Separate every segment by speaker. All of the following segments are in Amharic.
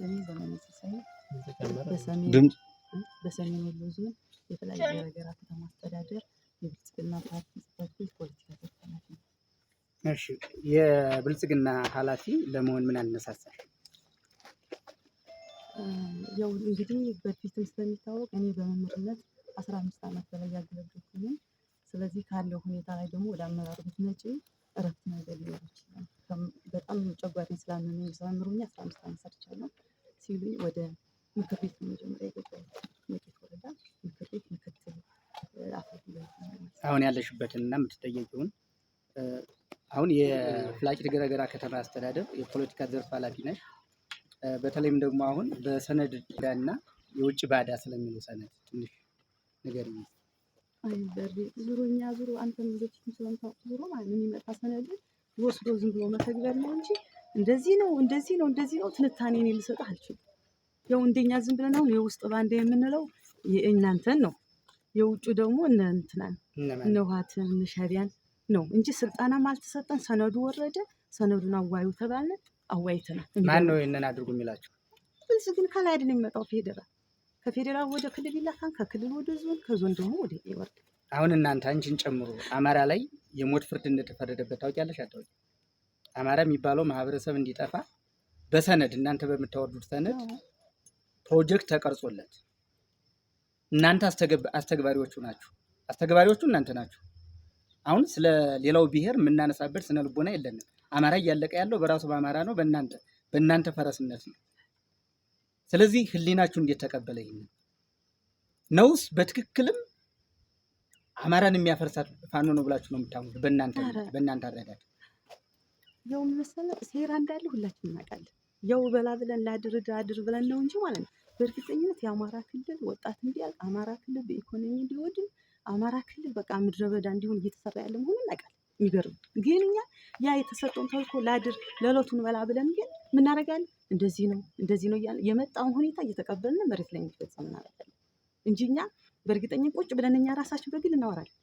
Speaker 1: ስሜ ዘመነ ሲሳይ በሰሜን ወሎ ዞን የተለያዩ የሀገር ከተማ አስተዳደር የብልጽግና ፓርቲ ጽሕፈት ቤት ፖለቲካ ኃላፊ ነው።
Speaker 2: እሺ፣ የብልጽግና ኃላፊ ለመሆን ምን አነሳሳል?
Speaker 1: ያው እንግዲህ በፊትም ስለሚታወቅ እኔ በመምህርነት አስራ አምስት ዓመት በላይ ያገለገልኩኝ ስለዚህ ካለው ሁኔታ ላይ ደግሞ ወደ አመራር ብትመጪ እረፍት ነገር ሊኖር ይችላል። በጣም ጨጓራዬን ስላመመኝ ስለምሩኝ አስራ አምስት ዓመት ሰርቻለሁ። ሲሉ ወደ ምክር ቤት መጀመሪያ የገባው መቄት ወረዳ ምክር ቤት ምክትል
Speaker 2: አሁን ያለሽበትን እና የምትጠየቂውን አሁን የፍላቂት ገረገራ ከተማ አስተዳደር የፖለቲካ ዘርፍ ኃላፊ ነሽ። በተለይም ደግሞ አሁን በሰነድ ዕዳና የውጭ ባዳ ስለሚለው ሰነድ
Speaker 1: ትንሽ ነገር ነው። አይ ዙሮ እኛ ዙሮ አንተም በፊትም ስለምታውቅ ዙሮ ማለት የሚመጣ ሰነድ ወስዶ ዝም ብሎ መተግበር ነው እንጂ እንደዚህ ነው እንደዚህ ነው እንደዚህ ነው ትንታኔ እኔ ልሰጥ አልችልም። ያው እንደኛ ዝም ብለን አሁን የውስጥ ባንዳ የምንለው እናንተን ነው፣ የውጩ ደግሞ እነ እንትናን እነ ውሀትን እነ ሻቢያን ነው እንጂ ስልጠናም አልተሰጠን። ሰነዱ ወረደ፣ ሰነዱን አዋዩ አዋይተ
Speaker 2: ነው። ማን ነው ይህንን አድርጉ የሚላቸው?
Speaker 1: ብልጽግና ግን ከላይ አይደል የሚመጣው ፌዴራል ከፌዴራል ወደ ክልል ይላካን፣ ከክልል ወደ ዞን፣ ከዞን ደግሞ ወደ ይወርድ።
Speaker 2: አሁን እናንተ አንቺን ጨምሮ አማራ ላይ የሞት ፍርድ እንደተፈረደበት ታውቂያለሽ አታውቂም? አማራ የሚባለው ማህበረሰብ እንዲጠፋ በሰነድ እናንተ በምታወርዱት ሰነድ ፕሮጀክት ተቀርጾለት እናንተ አስተግባሪዎቹ ናችሁ። አስተግባሪዎቹ እናንተ ናችሁ። አሁን ስለ ሌላው ብሔር የምናነሳበት ስነ ልቦና የለንም። አማራ እያለቀ ያለው በራሱ በአማራ ነው፣ በእናንተ በእናንተ ፈረስነት ነው። ስለዚህ ህሊናችሁ እንዴት ተቀበለ? ይህን ነውስ በትክክልም አማራን የሚያፈርሳት ፋኖ ነው ብላችሁ ነው የምታምኑት? በእናንተ በእናንተ አረዳድ
Speaker 1: ያው መሰለ ሴራ እንዳለ ሁላችን እናውቃለን። ያው በላ ብለን ላድርድ አድር ብለን ነው እንጂ ማለት ነው። በእርግጠኝነት የአማራ ክልል ወጣት እንዲያልቅ፣ አማራ ክልል በኢኮኖሚ እንዲወድም፣ አማራ ክልል በቃ ምድረ በዳ እንዲሆን እየተሰራ ያለ መሆኑ እናውቃለን። የሚገርም ግን እኛ ያ የተሰጠውን ተልኮ ላድር ለሎቱን በላ ብለን ግን ምናደርጋለን እንደዚህ ነው እንደዚህ ነው እያለ የመጣውን ሁኔታ እየተቀበልን መሬት ላይ የሚፈጸም እናደርጋለን እንጂ እኛ በእርግጠኛ ቁጭ ብለን እኛ ራሳችን በግል እናወራለን።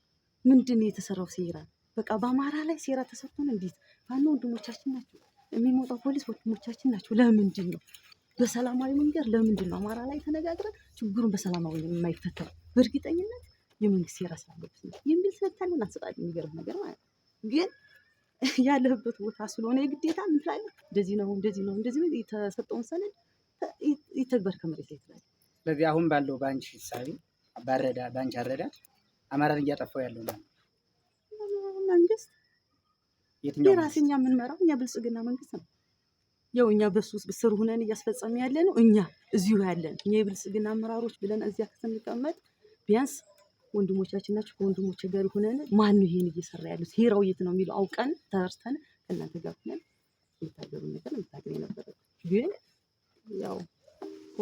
Speaker 1: ምንድን ነው የተሰራው ሴራ በቃ በአማራ ላይ ሴራ ተሰርቶን እንዴት ፋኖ ወንድሞቻችን ናቸው፣ የሚመጣው ፖሊስ ወንድሞቻችን ናቸው። ለምንድን ነው በሰላማዊ መንገድ ለምንድን ነው አማራ ላይ ተነጋግረን ችግሩን በሰላማዊ የማይፈታው? በእርግጠኝነት የመንግስት ሴራ ስላለበት ነው የሚል ስለታለን አሰጣጭ የሚገርም ነገር ማለት ነው። ግን ያለበት ቦታ ስለሆነ የግዴታ ምን እንደዚህ ነው እንደዚህ ነው እንደዚህ ነው የተሰጠውን ሰነድ ይተግበር ከመሬት ላይ ትላለህ።
Speaker 2: ስለዚህ አሁን ባለው በአንቺ ሳቢ ባረዳ በአንቺ አረዳ አማራን እያጠፋው ያለው ነው
Speaker 1: የራሴ እኛ የምንመራው እኛ ብልጽግና መንግስት ነው። ያው እኛ በሱ ስር ሁነን እያስፈጸም ያለ ነው። እኛ እዚሁ ያለን እኛ የብልጽግና አመራሮች ብለን እዚያ ስንቀመጥ ቢያንስ ወንድሞቻችን ናቸው። ከወንድሞች ጋር ሆነን ማን ይሄን እየሰራ ያሉት ሄራው የት ነው የሚለው አውቀን ተርተን ከእናንተ ጋር ሆነን የሚታገሩ ነገር የሚታገር የነበረ ግን ያው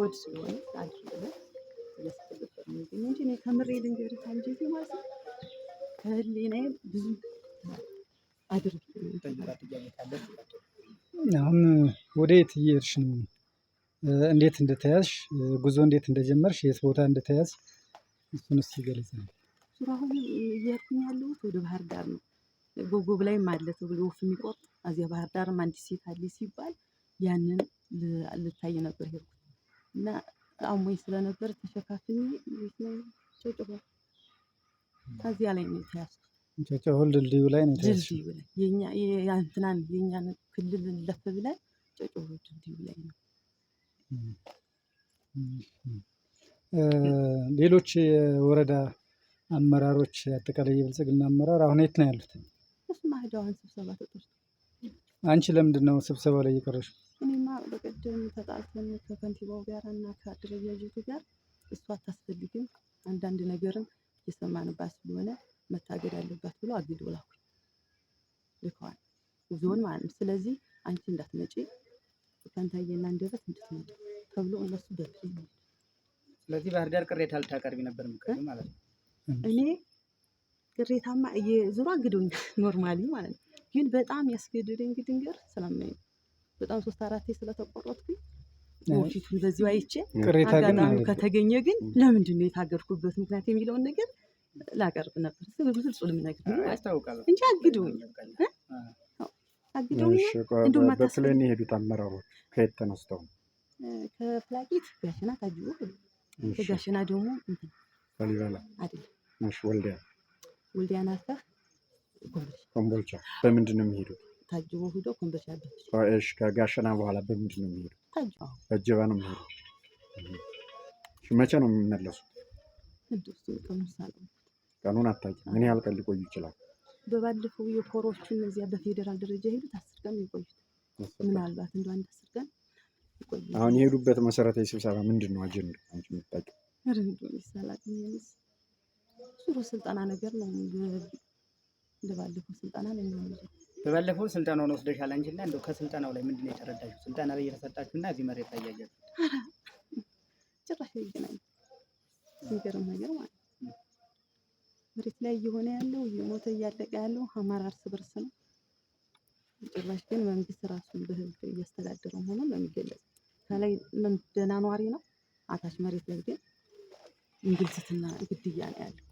Speaker 1: ወድ ስለሆነ አድርገ እያስፈለገ ነው እንጂ ከምሬ ልንገርህ እንጂ ማለት ነው ከህሊናዬ ብዙ
Speaker 3: አሁን ወደ የት እየሄድሽ ነው? እንዴት እንደተያዝሽ ጉዞ እንዴት እንደጀመርሽ የት ቦታ እንደተያዝ እሱን እስኪ
Speaker 1: ገለጽ። ሱራ አሁን እየሄድኩኝ ያለሁት ወደ ባህር ዳር ነው። ጎጎብ ላይ አለ ተብሎ ወፍ የሚቆርጥ እዚያ ባህር ዳርም አንዲት ሴት አለ ሲባል ያንን ልታይ ነበር ሄድኩት እና አሞኝ ስለነበር ተሸካክኝ ጨጨሆ ከዚያ ላይ ነው የተያዝኩት። ጨጨሆል ድልድዩ ላይ ነው። ድልድዩ ላይ የኛ የእንትናን የኛን ክልል ለፍ ብለን ጨጨሆል ድልድዩ ላይ ነው።
Speaker 3: ሌሎች የወረዳ አመራሮች አጠቃላይ የብልጽግና አመራር አሁን የት
Speaker 1: ነው ያሉት? እስማ ሄደው አሁን ስብሰባ ተጠርቶ። አንቺ ለምንድን ነው ስብሰባ ላይ የቀረሽው? እኔማ በቀደም ተጣልተን ከከንቲባው ጋር እና ከአደረጃጀቱ ጋር እሱ አታስፈልግም አንዳንድ ነገርም የሰማንባት ስለሆነ መታገድ አለባት ብሎ አግዶ ላኩኝ ልከዋል ጉዞውን ማለት ነው። ስለዚህ አንቺ እንዳትመጪ ፈንታዬና አንደበት እንድትመጡ ተብሎ እነሱ ደብሎ
Speaker 2: ስለዚህ ባህር ዳር ቅሬታ ልታቀርቢ ነበር ምክር ማለት ነው። እኔ
Speaker 1: ቅሬታማ ዙሮ አግዶኛል ኖርማሊ ማለት ነው። ግን በጣም ያስገድደኝ ግድንገር ስለማይ በጣም ሶስት አራት ስለተቆረጥኩኝ ፊቱን በዚሁ አይቼ አጋጣሚ ከተገኘ ግን ለምንድን ነው የታገድኩበት ምክንያት የሚለውን ነገር ላቀርብ ነበር ግልጹ ልምነግር እንጂ አግደውኝ አግደውኝ
Speaker 3: በፕሌን የሄዱት አመራሮች ከየት ተነስተው
Speaker 1: ከፕላኬት ጋሸና ታጅቦ ከጋሸና ደግሞ ላሊበላ አይደለም ወልዲያ ወልዲያ አልፈህ ኮምቦልቻ
Speaker 3: በምንድን ነው የሚሄዱት? ታጅቦ ሂዶ ኮምቦልቻ ከጋሸና በኋላ በምንድን ነው የሚሄዱት? በጀባ ነው የሚሄዱት። መቼ ነው የሚመለሱት? ቀኑን አታውቂም። ምን ያህል ቀን ሊቆዩ ይችላል? በባለፈው
Speaker 1: የኮሮቹ እነዚያ በፌዴራል ደረጃ የሄዱት አስር ቀን የቆዩት ምናልባት እንደ አንድ አስር ቀን ይቆያል። አሁን
Speaker 3: የሄዱበት መሰረታዊ ስብሰባ ምንድን ነው? አጀንዳ አንቺ የምታውቂው
Speaker 1: ጥሩ ስልጠና ነገር ነው። እንደባለፈው ስልጠና ነው በባለፈው ስልጠናውን ወስደሻል እንጂ እና እንደው ከስልጠናው ላይ ምንድን ነው የተረዳችሁ? ስልጠና ላይ እየተሰጣችሁ እና እዚህ መሬት ላይ እያያችሁ ጭራሽ ይገናኝ ነገር ማለት ነው። መሬት ላይ እየሆነ ያለው እየሞተ እያለቀ ያለው አማራ እርስ በርስ ነው። ጭራሽ ግን መንግስት ራሱን በህዝብ እያስተዳደረ ሆኖ ነው የሚገለጽ። ከላይ ደህና ኗሪ ነው፣ አታች መሬት ላይ ግን እንግልትና ግድያ ነው ያለው።